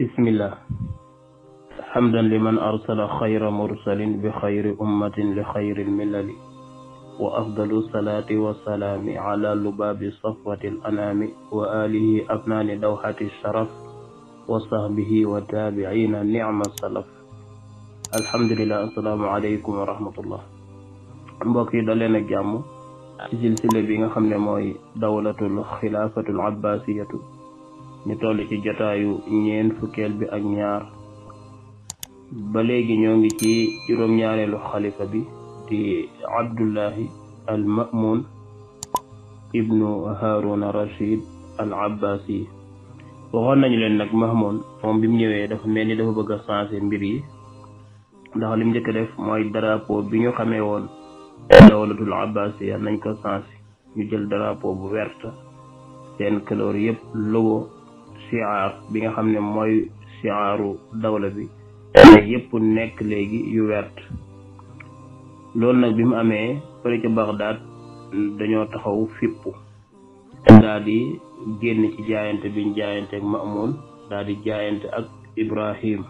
بسم الله حمدا لمن أرسل خير مرسل بخير أمة لخير الملل وأفضل الصلاة والسلام على لباب صفوة الأنام وآله أبنان دوحة الشرف وصحبه وتابعين نعم السلف الحمد لله السلام عليكم ورحمة الله mbokk yi جامو leen ak jàmm ci دولة الخلافة العباسية ñu toll ci jotaayu ñeent fukkeel bi ak ñaar ba léegi ñoo ngi ci juróom-ñaareelu xalifa bi di abdullahi al mamun ibnu haruna rashid al abbasi waxoon nañu leen nag mahmoun moom bi mu ñëwee dafa mel ni dafa bëgg a changer mbir yi ndax li mu def mooy drapeau bi ñu xamee woon dawlatul abbasiya nañ ko changer ñu jël drapeau bu wert seen couleur yëpp logo siyaar bi nga xam ne mooy siyaaru dawla bi yëpp nekk léegi yu wert loolu nag bi mu amee fële ca dañoo taxaw fippu daal di génn ci jaayante biñ jaayante ak Maamun daal di jaayante ak Ibrahim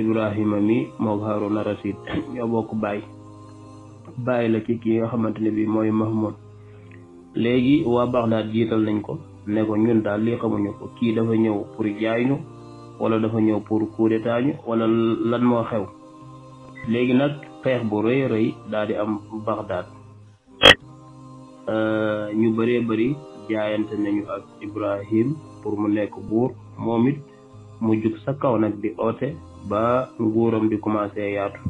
Ibrahima mi moo ko Haaruna Rasiid ñoo bokk baay baay la ci ki nga xamante ne bi mooy Mahmoud léegi waa Bagdad jiital nañ ko ne ko ñun daal lii xamuñu ko kii dafa ñëw pour jaay ñu wala dafa ñëw pour coup d'état ñu wala lan moo xew léegi nag xeex bu rëy rëy daal di am Bagdad euh, ñu bëree bëri jaayante nañu ak Ibrahim pour mu nekk buur moom it mu jug sa kaw nag di oote ba nguuram di commencé yaatu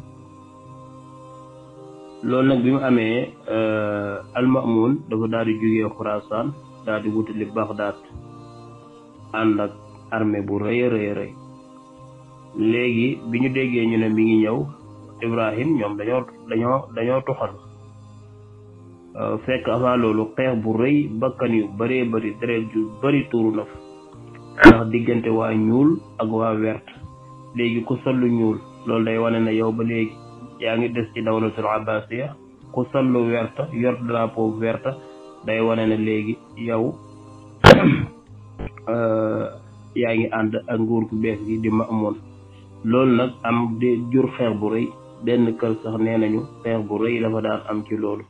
loolu nag bi mu amee euh, Al Maamun dafa daal di jugee Xuraasaan daal di wutali Bagdad ànd ak armée bu rëy rëy rëy léegi bi ñu déggee ñu ne bi ngi ñëw Ibrahim ñoom dañoo dañoo dañoo tuxal euh, fekk avant loolu xeex bu rëy bakkan yu bëree bëri deret ju bëri tuuru na fa ndax diggante waa ñuul ak waa wert léegi ku sallu ñuul loolu day wane na yow ba léegi yaa ngi des ci dawlatul abbasiya ku sallu wert yor drapeau wert day wane ne léegi yow euh, yaa ngi ànd ak nguur gu bees gi di ma amoon loolu nag am jur xeex bu rëy benn kër sax nee nañu xeex bu rëy dafa daal am ci loolu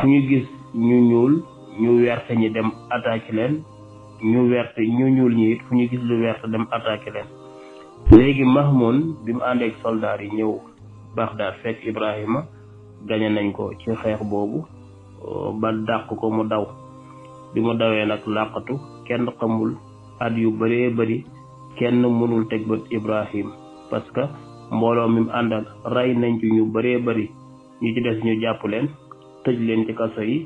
su ñu gis ñu ñuul ñu werte ñi dem attaqué leen ñu werte ñu ñuul ñi it fu ñu gis lu werte dem attaqué leen léegi Mahmoud bi mu ànd soldaar yi ñëw Bagdad fekk Ibrahima gañe nañ ko ci xeex boobu euh, ba dàq ko mu daw bi mu dawee nag làqatu kenn xamul at yu bëree bari kenn mënul teg bët Ibrahim parce que mbooloo mi mu àndal rey nañ ci ñu bëree bari ñu ci des ñu jàpp leen tëj leen ci kaso yi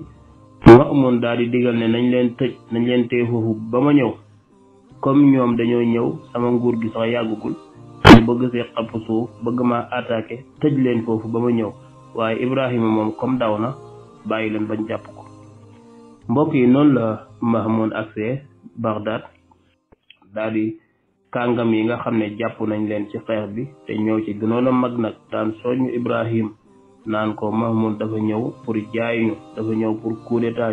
ma amoon daal di digal ne nañ leen tëj nañ leen téye foofu ba ma ñëw comme ñoom dañoo ñëw sama nguur gi sax yàggugul ñu bëgg see xapp suuf bëgg maa attaqué tëj leen foofu ba ma ñëw waaye Ibrahima moom comme daw na bàyyi leen bañ jàpp mbokk yi noonu la Mahmoud accès Bagdad daal di kàngam yi nga xam ne jàpp nañ leen ci xeex bi te ñëw ci gënoon mag nag daan soññu Ibrahim naan ko Mahmoud dafa ñëw pour jaay ñu dafa ñëw pour coup d'état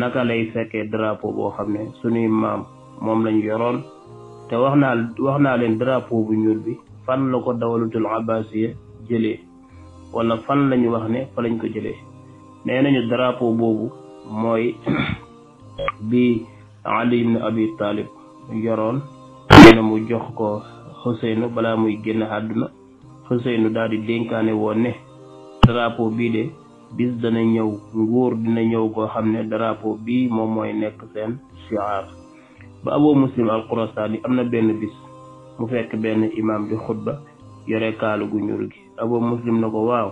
naka lay fekkee drapo boo xam ne suñuy maam moom lañu yoroon te wax naa leen drapo bu ñuul bi fan la ko dawalutul abbasiya jëlee wala fan lañu wax ne fa lañ ko jëlee nee nañu drapeau boobu mooy bi Ali ibn Abi Talib yoroon mu jox ko Xuseynu balaa muy génn àdduna Xuseynu daal di dénkaane woon ne drapeau bii de bis dana ñëw nguur dina ñëw goo xam ne drapeau bii moom mooy nekk seen shiar ba Abu Muslim al-Khurasani am na benn bis mu fekk benn imam di xutba yore kaalu gu ñuul gi Abu Muslim na ko waaw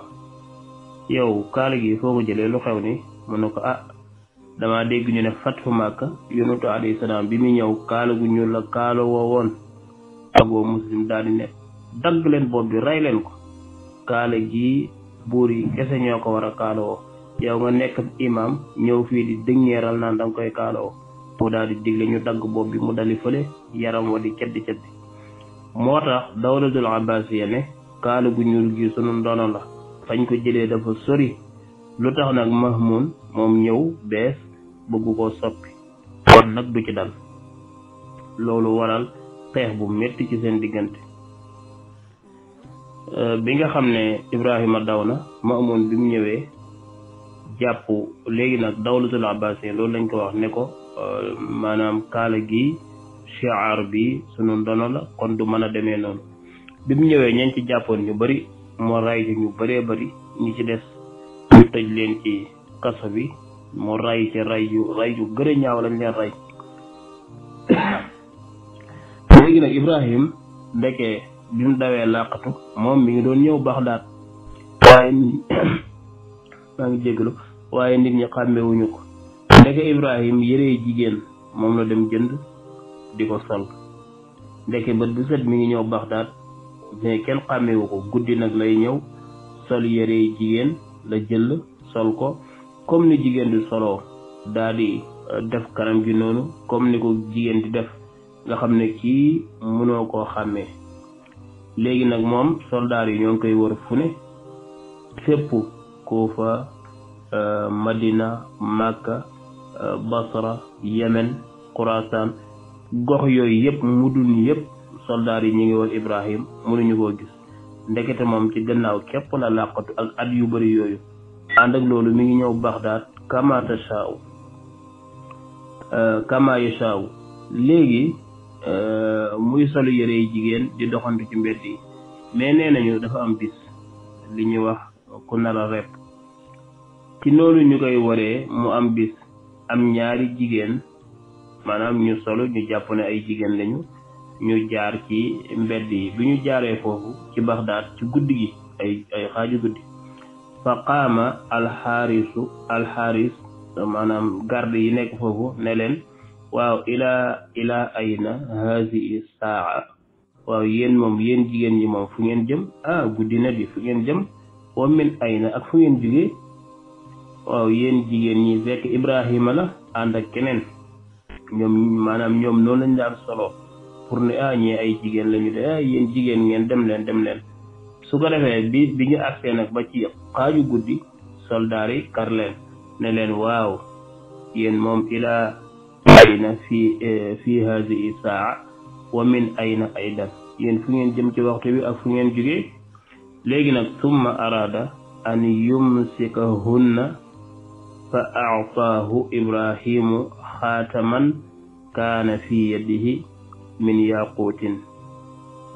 yow kaala gi foo jëlee lu xew ni mu ko ah dama dégg ñu ne fatxu màkka yonentu alayhi salaam bi mu ñëw kaala gu ñuul la kaala woo woon agoo muslim daal di ne dagg leen bopp bi rey leen ko kaala gi buur yi kese ñoo ko war a kaala woo yow nga nekk imam ñëw fii di dëññeeral naan danga koy kaala woo mu daal di digle ñu dagg bopp bi mu dali fële yaram wa di ceddi ceddi moo tax dawlatul abbasiya ne kaala gu ñuul gi sunu ndono la fañ ko jëlee dafa sori lu tax nag Mahmoud moom ñëw bees bëgg ko soppi kon nag du ci dal loolu waral xeex bu metti ci seen diggante euh, bi nga xam ne Ibrahima daw na ma amoon bi ñëwee jàpp léegi nag dawlatul abbasin loolu lañ ko wax ne ko euh, maanaam kaala gi shiar bi sunu ndono la kon du mën a demee noonu bi ñëwee ñañ ci jàppoon ñu bari moo ray ñu bëree bari ñu ci des ñu tëj leen ci kaso bi mu ray ci ray yu ray yu gën ñaaw lañ leen ray léegi nag Ibrahim ndeke bi mu dawee làqatu moom mi ngi doon ñëw Baxdaad waaye nit maa ngi jégalu waaye nit ñi xàmmewuñu ko ndeke Ibrahim yëree jigéen moom la dem jënd di ko sol ndeke bët bu set mi ngi ñëw Baxdaad mais kenn xàmmewu ko guddi nag lay ñëw sol yëree jigéen la jël sol ko comme ni jigéen di solo daal euh, def kanam gi noonu comme ni ko jigéen di def nga xam ne kii mënoo koo xàmmee léegi nag moom soldaar yi ñoo ngi koy wër fu ne fépp Kuufa euh, Madina Makka euh, Basra Yemen Xuraasaan gox yooyu yëpp mudun yëpp soldaar yi ñu ngi woon Ibrahim mënuñu koo gis ndekete moom ci gannaaw képp la làqatu ak at yu bari yooyu ànd ak loolu mi ngi ñëw Baxdaad kamata saaw euh, kamaayu saaw léegi euh, muy solu yëre yi jigéen di doxantu ci mbedd yi mais nee nañu dafa am bis li ñuy wax ku nar a ci loolu ñu koy waree mu am bis am ñaari jigéen maanaam ñu solu ñu jàpp ne ay jigéen lañu ñu jaar ci mbedd yi bi ñu jaaree foofu ci Baxdaad ci guddi gi ay ay xaaju guddi fa qaama alxaarisu alxaaris maanaam garde yi nekk foofu ne leen waaw ila ilaa ayna hazihi saa waaw yéen moom yéen jigéen ñi moom fu ngeen jëm ah guddi na fu ngeen jëm wa min ayna ak fu ngeen jóge waaw yéen jigéen ñi fekk Ibrahima la ànd ak keneen ñoom maanaam ñoom noonu lañ daan solo pour ne ah ñee ay jigéen lañu de ah yéen jigéen ngeen dem leen dem leen su ko defee bi bi ñu agsee nag ba ci xaaju guddi soldaar kar leen ne leen waaw yéen moom ilaa ayna fi eh, fi hadihi saa wa min ayna aydan yéen fu ngeen jëm ci waxtu wi ak fu ngeen jógee léegi nag summa araada an yumsikahunna fa aataahu ibrahimu xaataman kaana fi yadihi min yaquutin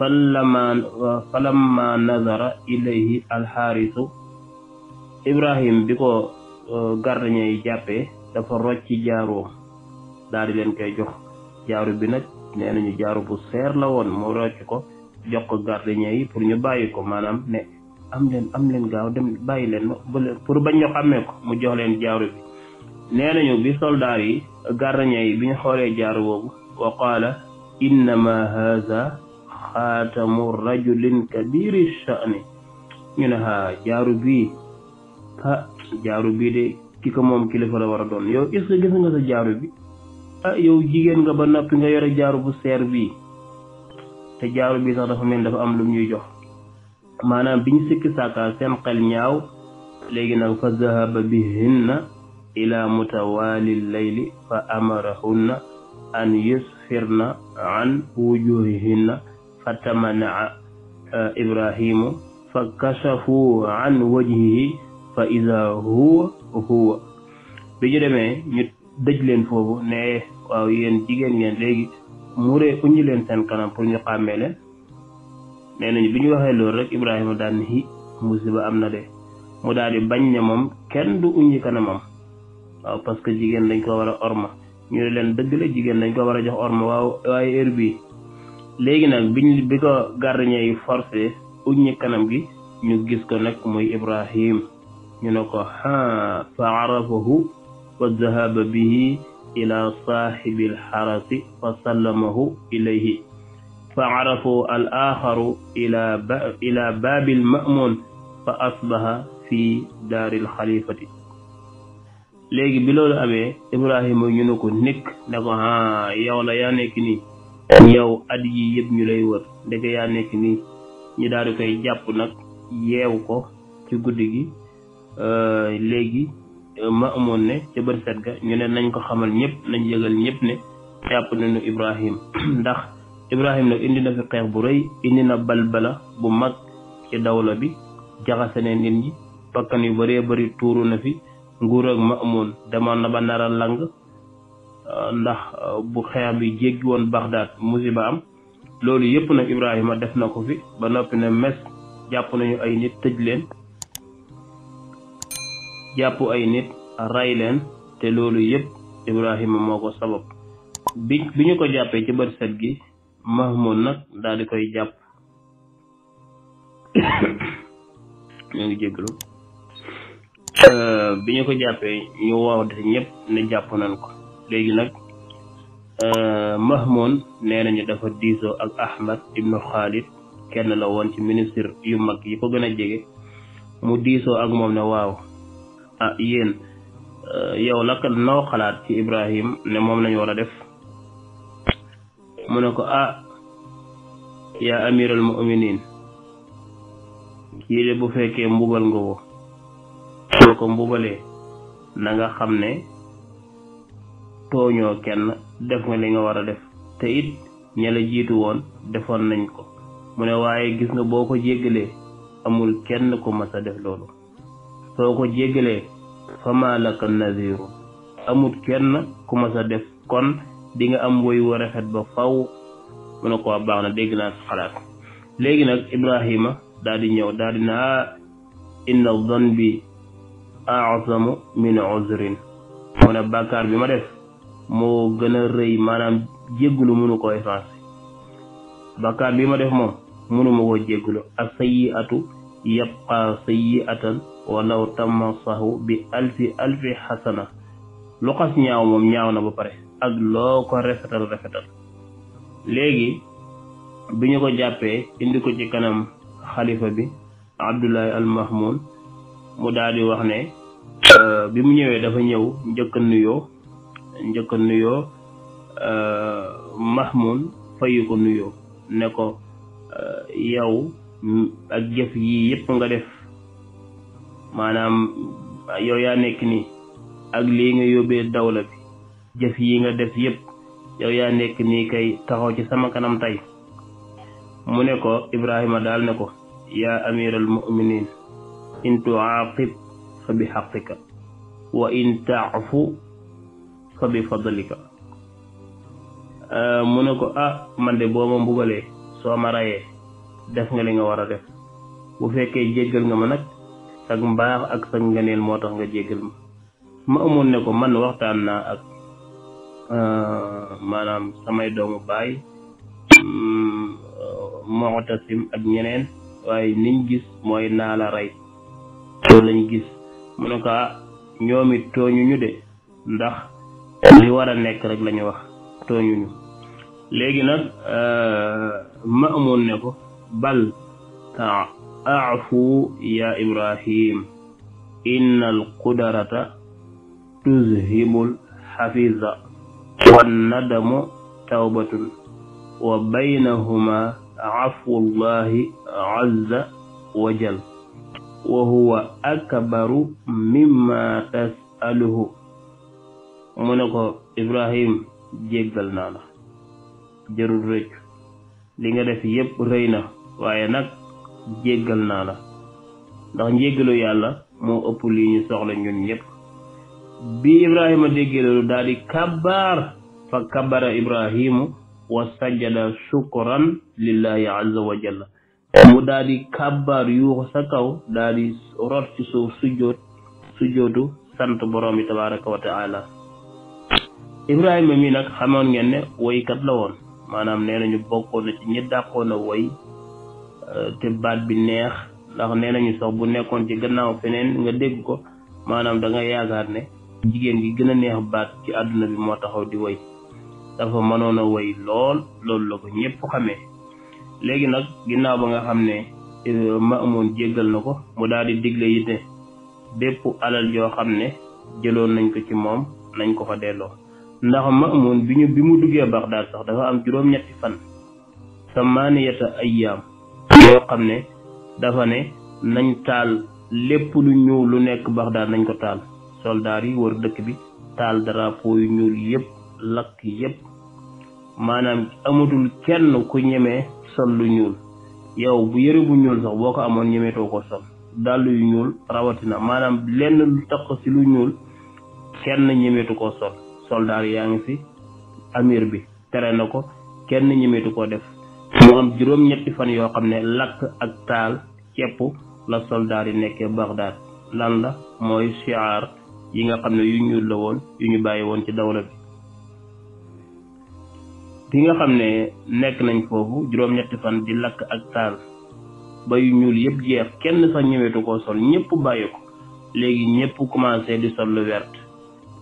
falamma nazara ilayhi alxaarisu ibrahim bi ko gardien yi jàppee dafa rocci jaaroom daal di leen koy jox jaaru bi nag nee nañu jaaru bu seer la woon mu rocc ko jox ko gardien yi pour ñu bàyyi ko maanaam ne am leen am leen gaaw dem bàyyi leen pour bañ ñu xàmmee ko mu jox leen jaaru bi nee nañu bi soldaar yi gardien yi bi ñu xoolee jaaru boobu wa qaala innama haza xaatamu rajulin kabiri sha'ni ñu ne haa jaaru bii jaaro jaaru bii de ki ko moom kilifa la war a doon yow est-ce que nga sa jaaru bi ah yow jigéen nga ba noppi nga yore jaaro bu seer bii te jaaru bii sax dafa mel dafa am lu ñuy jox maanaam biñ ñu sikki sàkka seen xel ñaaw léegi nag fa zahaba bihinna ila mutawali layli fa amarahunna an yusfirna an wujuhihinna a eh, ibrahimu fa kashafu an wajhihi fa ida huwa huwa bi ñu demee ñu dëj leen foofu ne waaw yéen jigéen ngeen léegi muree uñu leen seen kanam pour ñu xàmmee leen nee nañu bi ñu waxee loolu rek ibrahima daan hi musiba am na de mu daal di bañ ne moom kenn du uñi kanamam waaw parce que jigéen dañ ko war a orma ñu ne leen dëgg la jigéen lañ ko war a jox orma waaw heure bii léegi nag biñ bi ko gardien yi forcé uññi kanam gi ñu gis ko nag muy Ibrahim ñu ne ko ha fa arafahu wa dahaba bihi ila saaxibil xarasi fa sallamahu ilayhi fa arafu al axaru ila ba ila baabil fa asbaha fi daaril xalifati léegi bi loolu amee Ibrahima ñu ne ko nekk ne ko ha nekk nii yow at yii yëpp ñu lay wër ndeke yaa nekk nii ñu daal di koy jàpp nag yeew ko ci guddi gi euh, léegi euh, ma amoon ne ca bët set ga ñu ne nañ ko xamal ñëpp nañ yëgal ñëpp ne jàpp nañu Ibrahim ndax Ibrahim nag indi na fi xeex bu rëy indi na bal bala bu mag ci dawlo bi jaxase ne nit ñi bakkan yu bëree bari tuuru na fi nguur ak ma amoon demoon na ba nara lang Euh, ndax euh, bu xeex bi jéggi woon Bagdad musiba am loolu yëpp nag Ibrahima def na ko fi ba noppi ne mes jàpp nañu ay nit tëj leen jàpp ay nit ray leen te loolu yëpp Ibrahima moo ko sabab bi bi ñu ko jàppee ci bët set gi Mahmoud nag daal di koy jàpp ñoo ngi jéggalu euh, bi ñu ko jàppee ñu wax ñëpp ne jàpp nañ ko nak euh mahmoun nena ñu dafa diso ak ahmad ibnu khalid kenn la won ci ministre yu mag yi ko gëna a mu diso ak mom na waw ah euh, yow la no xalaat ci ibrahim ne mom lañu wara a def mu ne ko ah ya amirul muminin kii bu mbugal nga wo ko mbugalé na nga xamné tooñoo kenn def nga li nga war a def te it ña jiitu woon defoon nañ ko mu ne waaye gis nga boo ko jéggalee amul kenn ku mas a def loolu soo ko jéggalee fama laka naziru amul kenn ku mas a def kon di nga am woy wu rafet ba faw mu ne ko baax na dégg naa xalaat léegi nag Ibrahima daal di ñëw daal di naa ah, inna zan bi a'zamu min uzrin mu ne bàkkaar bi ma def moo gën a rëy maanaam jéggulu mënu ko effacé bakkaar bi ma def moom mënuma koo jéggulu ak sayi atu yabqa sayi atan walaw tamma sahu bi alfi alfi xasana lu xas ñaaw moom ñaaw na ba pare ak loo ko rafetal léegi bi ñu ko jàppee indi ko ci kanam xalifa bi Abdoulaye Al mu daal di wax ne euh, bi mu ñëwee dafa ñëw njëkk nuyoo njëkk a nuyoo euh, Mahmoud fayu ko nuyoo ne ko euh, yow ak jëf yii yëpp nga def maanaam yow yaa nekk nii ak lii nga yóbbee dawla bi jëf yi nga def yëpp yow yaa nekk nii kay taxaw ci sama kanam tey mu ne ko Ibrahima daal ne ko yaa amiral muminin in tuaaqib fa bi xaqika wa in taafu fa bi fadlika euh, mu ne ko ah man de boo ma mbugalee soo ma rayee def nga li nga war a def bu fekkee jéggal nga ma nag sag mbaax ak sag ngeneel moo tax nga jéggal ma ma amoon ne ko man waxtaan naa ak euh, maanaam samay doomu baay mm, Mu'tasim ak ñeneen waaye niñ gis mooy naa la rey loolu lañ gis mu ne ko ah ñoom it ndax li war a nekk rek la ñu wax tooñuñu léegi nag euh, Maamun ne ko bal aafu ya ibrahim inna alqudarata tuzhibul xafiza wannadamu tawbatun wa baynahuma afwullahi wa jal wa huwa akbaru mimma tasaluhu mu ne ko Ibrahim jéggal naa la jarul rëccu li nga def yépp rëy na waaye nag jéggal naa la ndax njéggalu yàlla moo ëpp lii ñu soxla ñun ñépp bi Ibrahima déggee loolu daal di kabbaar fa kabbara Ibrahimu wa sajjada shukran lillahi azza wa jalla mu daal di kabbaar yuuxu sa kaw daal di rot ci suuf sujjoot sujjootu sant borom bi tabaraka wa taala Ibrahima mii nag xamoon ngeen ne woykat la woon maanaam nee nañu bokkoon na ci ñi dàqoon a woy euh, te baat bi neex ndax nee nañu sax bu nekkoon ci gannaaw feneen nga dégg ko maanaam da nga yaakaar ne jigéen gi gën a neex baat ci àdduna bi moo taxaw di woy dafa mënoon a woy lool loolu la ko ñëpp xamee léegi nag ginnaaw ba nga xam ne euh, Maamun jéggal na ko mu daal di digle it ne bépp alal joo xam ne jëloon nañ ko ci moom nañ ko fa delloo ndax ma Maamun bi ñu bi mu duggee daal sax dafa am juróom-ñetti fan samaaniyata ayyaam yoo xam ne dafa ne nañ taal lépp lu ñuul lu nekk baax daal nañ ko taal soldaar yi wër dëkk bi taal drapo yu ñuul yëpp lakk yépp maanaam amatul kenn ku ñeme sol lu ñuul yow bu yëre bu ñuul sax boo ko amoon ñemeetoo ko sol dàll yu ñuul rawatina maanaam lenn lu tax ci lu ñuul kenn ñemeetu ko sol soldaar yaa ngi ci amir bi tere na ko kenn ñemetu koo def moom am juróom-ñetti fan yoo xam ne lakk ak taal cepp la soldaar yi nekkee Bagdad lan la mooy siyaar yi nga xam ne yu ñuul la woon yu ñu bàyyi woon ci dawla bi bi nga xam ne nekk nañ foofu juróom-ñetti fan di lakk ak taal ba yu ñuul yëpp jeex kenn fa ñemetu koo sol ñëpp bàyyi ko léegi ñëpp commencé di sol lu vert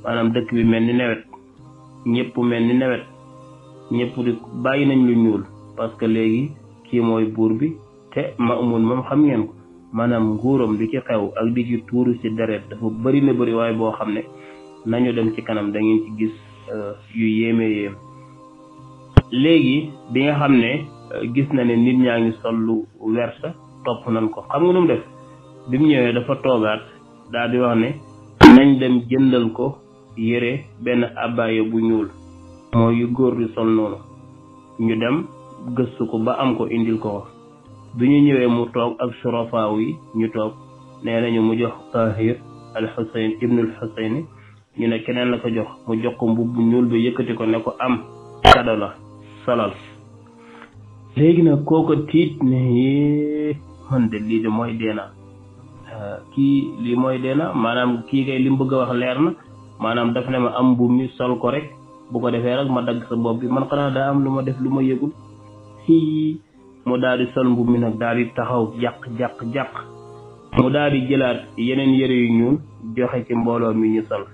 maanaam dëkk bi mel ni nawet ñëpp mel ni nawet ñëpp di bàyyi nañ lu ñuul parce que léegi kii mooy buur bi te Maamun moom xam ngeen ko maanaam nguuram li ci xew ak di ci tuuru ci deret dafa bëri na bëri waaye boo xam ne nañu dem ci kanam da ngeen ci gis euh, yu yéeme yéem léegi bi nga xam ne euh, gis na ne nit ñaa ngi sol lu wersa topp nañ ko xam nga nu def bi ñëwee dafa toogaat daal di wax ne nañ dem jëndal ko yére benn abbaaya bu ñuul moo yu góor di sol noonu ñu dem gëstu ko ba am ko indil ko bi ñu ñëwee mu toog ak surafaaw yi ñu toog nee nañu mu jox tahir al xusayn ibnul xusayn ñu ne keneen la ko jox mu jox ko mbubb bu ñuul bi yëkkati ko ne ko am kado la solal léegi nag kooko tiit ne man de lii de mooy dee na kii lii mooy dee na maanaam kii kay li mu bëgg a wax leer na manam daf ne ma am bu mi sol ko rek bu ko defee rek ma dagg sa bopp bi man xana da am lu ma def lu ma yëgul fii mu daal sol mbubb mi nag daal taxaw jàq jàq jàq mu daal di jëlaat yeneen yëre yu ñuul joxe ci mbooloo mi ñu sol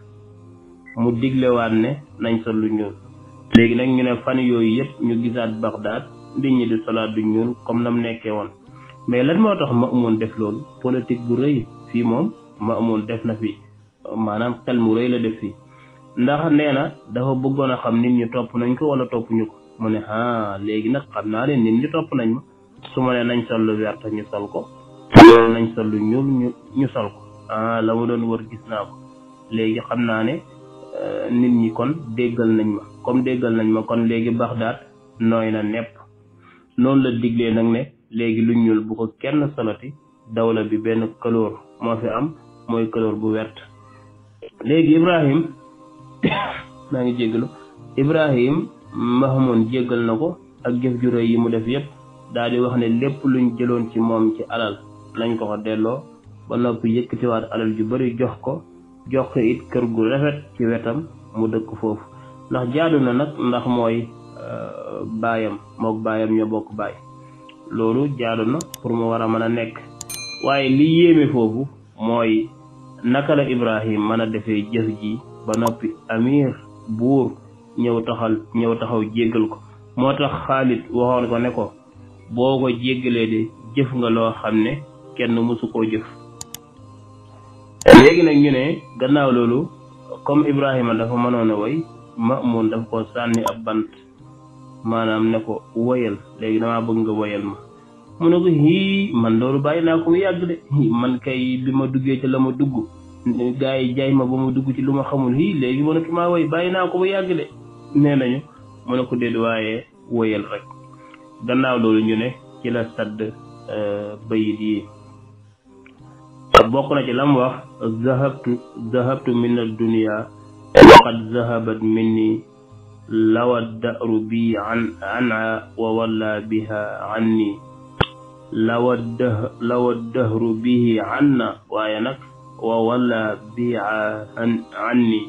mu diglewaat ne nañ sol lu ñuul léegi nag ñu ne fan yooyu yëpp ñu gisaat Bagdad nit ñi di solaat du ñuul comme nam nekkee woon mais lan moo tax ma amoon def loolu politique bu rëy fii moom ma amoon def na fi maanaam xel mu rëy la def fii ndax nee na dafa bëggoon a xam nit ñi topp nañ ko wala topp ñu ko mu ne ah léegi nag xam naa ne nit ñi topp nañ ma su ne nañ sol lu vert ñu sol ko nañ sol lu ñu sol ko ah la mu doon wër gis naa ko léegi xam naa ne euh, nit ñi kon déggal nañ ma comme déggal nañ ma kon léegi Baxdaad nooy na nepp noonu la diglee nag ne léegi lu ñuul bu ko kenn solati dawla bi benn couleur moo fi am mooy couleur bu wert léegi Ibrahim maa ngi jéggalu Ibrahim Mahmoud jéggal na ko ak jëf ju réy yi mu def yépp daal di wax ne lépp luñ jëloon ci moom ci alal lañ ko ko delloo ba noppi yëkkatiwaat alal yu bari jox ko jox ko it kër gu rafet ci wetam mu dëkk foofu ndax jaadu na nag ndax mooy euh, baayam mook baayam ñoo bokk baay loolu jaadu na pour mu war a mën a nekk waaye li yéeme foofu mooy naka la Ibrahim mën a defee jëf ji ba noppi amir buur ñëw taxal ñëw taxaw jéggal ko moo tax Xaalid waxoon ko ne ko boo ko jéggalee de jëf nga loo xam ne kenn mësu koo jëf léegi na ñu ne gannaaw loolu comme Ibrahima dafa mënoon a woy Mamoun daf ko sànni ab bant maanaam ne ko woyal léegi damaa bëgg nga woyal ma mu ne ko hii man loolu bàyyi naa ko mu yàgg de man kay bi ma duggee ca la ma dugg gars jayma jaay ma ba ma dugg ci lu ma xamul hii léegi mënatuma woy bàyyi naa ko mu yàgg de nee nañu mu ne ko déet waaye woyal rek gannaaw loolu ñu ne ci la sadd euh, bayit yi bokk na ci lam wax zahabtu zahabtu min ad-dunya waqad zahabat minni lawa daru bi an'a wa walla biha anni لو الدهر به عنا وينك وولى بيع عني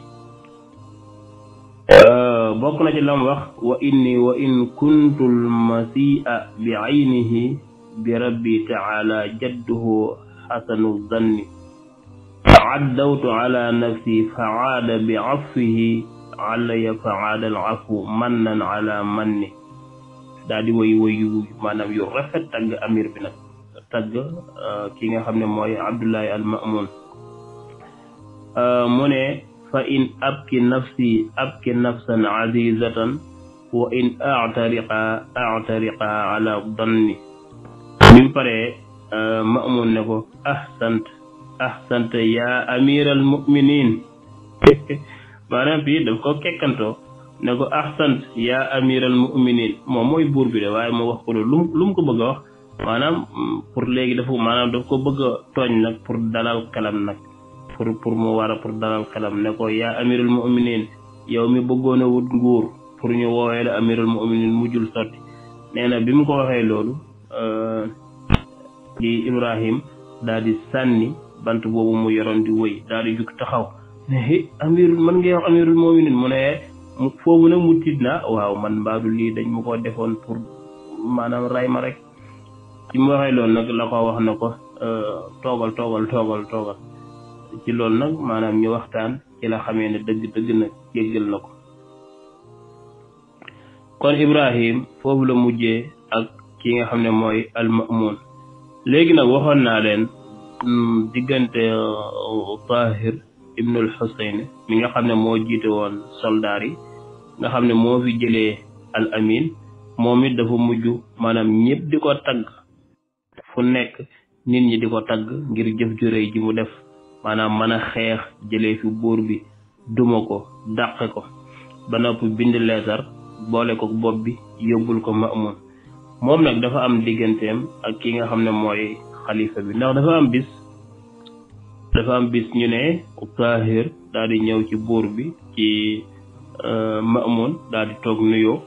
آه، بقنا جلهم وخ وإني وإن كنت المسيء بعينه بربي تعالى جده حسن الظن عدوت على نفسي فعاد بعفه علي فعاد العفو منا على مني daal di woy woy yu maanaam yu amir bi nag tagg euh, nga xam ne mooy Abdullahi al Mamun euh, mu ne fa in abki nafsi abki nafsan azizatan wa in atariqa atariqa ala danni bi mu paree euh, ne ko ahsant ahsant ya amiral muminin maanaam fii daf ko kekkantoo ne ko ahsant yaa amiral mu'minin moom mooy buur bi de waaye moo wax ko loolu lu mu ko bëgg a wax maanaam mm, pour léegi dafa maanaam daf ko bëgg a tooñ nag pour dalal xelam nag pour pour mu war a pour dalal xelam ne ko yaa amiral mu'minin yow mi bëggoon a wut nguur pour ñu woowee la amiral mu'minin mujjul sotti nee na bi mu ko waxee loolu euh, di Ibrahim daal di sànni bant boobu mu yoroon di woy daal di taxaw ne amirul man ngay wax amirul mu'minin mu ne foofu nag mu tiit na waaw man mbaadu lii dañ ma ko defoon pour maanaam ray ma rek ci mu waxee loolu nag wax na ko euh, toogal toogal toogal toogal ci loolu nag maanaam ñu waxtaan ci la xamee ne dëgg dëgg nag jéggal na ko kon Ibrahim foofu la mujjee ak ki nga xam ne mooy almamun léegi nag waxoon naa leen mm, diggante euh, Tahir ibnul Xuseyn mi nga xam ne moo jiite woon soldaar yi nga xam ne moo fi jëlee al amin moom it dafa mujj maanaam ñëpp di ko tagg fu nekk nit ñi di ko tagg ngir jëf ju rëy ji mu def maanaam mën a xeex jële fi buur bi duma ko dàqe ko ba nopp bind leetar boole ko bopp bi yóbbul ko Maamun moom nag dafa am digganteem ak ki nga xam ne mooy xalifa bi ndax dafa am bis bis ñu ne Taahir daal di ñëw ci buur bi ci Euh, ma amoon daal di toog nuyoo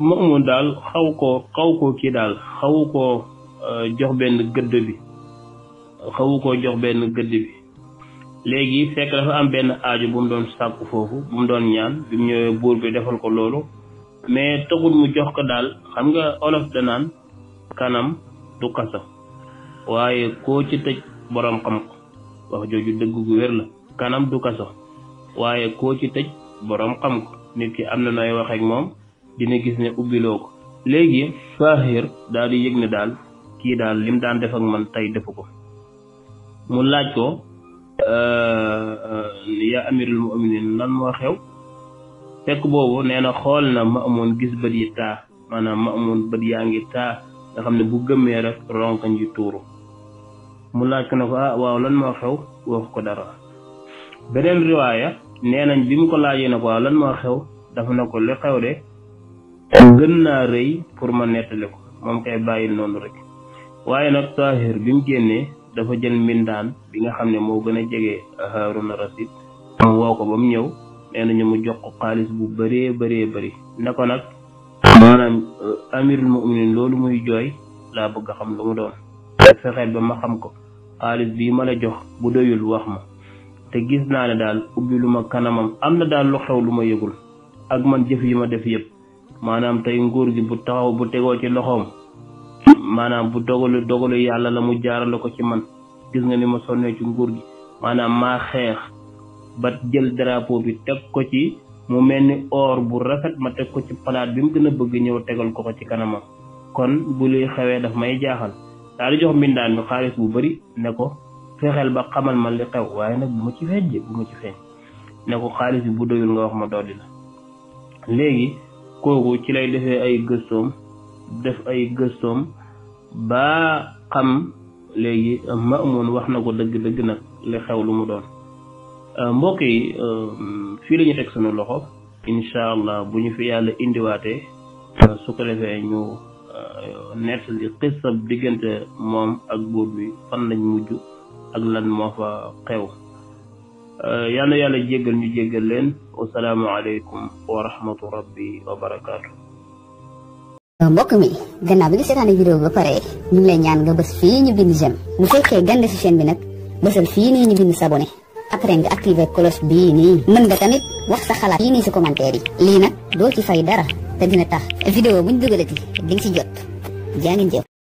ma daal xaw ko xaw koo kii daal xaw koo euh, jox benn gëdd bi xawu koo jox benn gëdd bi léegi fekk dafa am benn aajo bu doon sàkku foofu bu doon ñaan bi ñëwee buur bi defal ko loolu mais taxul mu jox ko daal xam nga olof danaan kanam du kasa waaye koo ci tëj boroom xam ko wax jooju dëgg gu wér la kanam du kasa waaye koo ci tëj borom xam ko nit ki am na nooy wax ak moom dina gis ne ubbiloo ko léegi fahir daal di yëg ne daal kii daal lim daan def ak man tey defu ko mu laaj ko ya amirul mu'minin lan moo xew fekk boobu nee na xool na Maamun gis bët yi taa maanaam Maamun bët yaa ngi taa nga xam ne bu gëmmee rek ronkañ ji tuuru mu laaj ko ne ko ah waaw lan moo xew wax ko dara beneen riwaaya nee nañ bi mu ko laajee na ko waaw lan xew dafa na ko li xew de gën naa rëy pour ma nettale ko moom kay bàyyil noonu rek waaye nag Tahir bi mu génnee dafa jël mbindaan bi nga xam ne moo gën a jege Haaruna Rasid mu woo ko ba mu ñëw nee nañu mu jox ko xaalis bu bëree baree bari ne ko nag maanaam euh, amirul muminin loolu muy jooy laa bëgg a xam lu mu doon fexeel ba ma xam ko xaalis bi ma la jox bu doyul wax ma te gis naa ne daal ubbi lu ma kanamam am na daal lu xew lu ma yëgul ak man jëf yi ma def yëpp maanaam tey nguur gi bu taxaw bu tegoo ci loxoom maanaam bu dogalu dogalu yàlla la mu jaarale ko ci man gis nga ni ma sonnee ci nguur gi maanaam maa xeex ba jël drapeau bi teg ko ci mu mel ni or bu rafet ma teg ko ci palaat bi mu gën bëgg ñëw tegal ko ko ci kanamam kon bu luy xewee daf may jaaxal daal di jox mbindaan bi xaalis bu bari ne ko fexel ba xamal man li xew waaye nag bu ma ci feeñ bu ma ci feeñ ne ko xaalis bi bu doyul nga wax ma dolli la léegi kooku ci lay defee ay gëstoom def ay gëstoom ba xam léegi Maamun wax na ko dëgg-dëgg nag li xew lu mu doon mbokk yi fii la ñu teg sunu loxo incha allah bu ñu fi yàlla indiwaatee su ko defee ñu nettali xisab diggante moom ak buur bi fan lañ mujj ak lan moo fa xew eh, yal na yàlla jéggal ñu jéggal leen wasalaamualeykum wa rahmatu rabbi wa barakaatu. Euh, mbokk mi gannaaw bi nga seetaane vidéo ba pare ñu ngi lay ñaan nga bës fii ñu bind jëm bu fekkee gande si chaîne bi nag bësal fii nii ñu bind s'abonné après nga activer cloche bii nii mën nga tamit wax sa xalaat fii nii si commentaire yi lii nag doo ci fay dara te dina tax vidéo buñ dugalati di nga si jot jaa ngeen jëf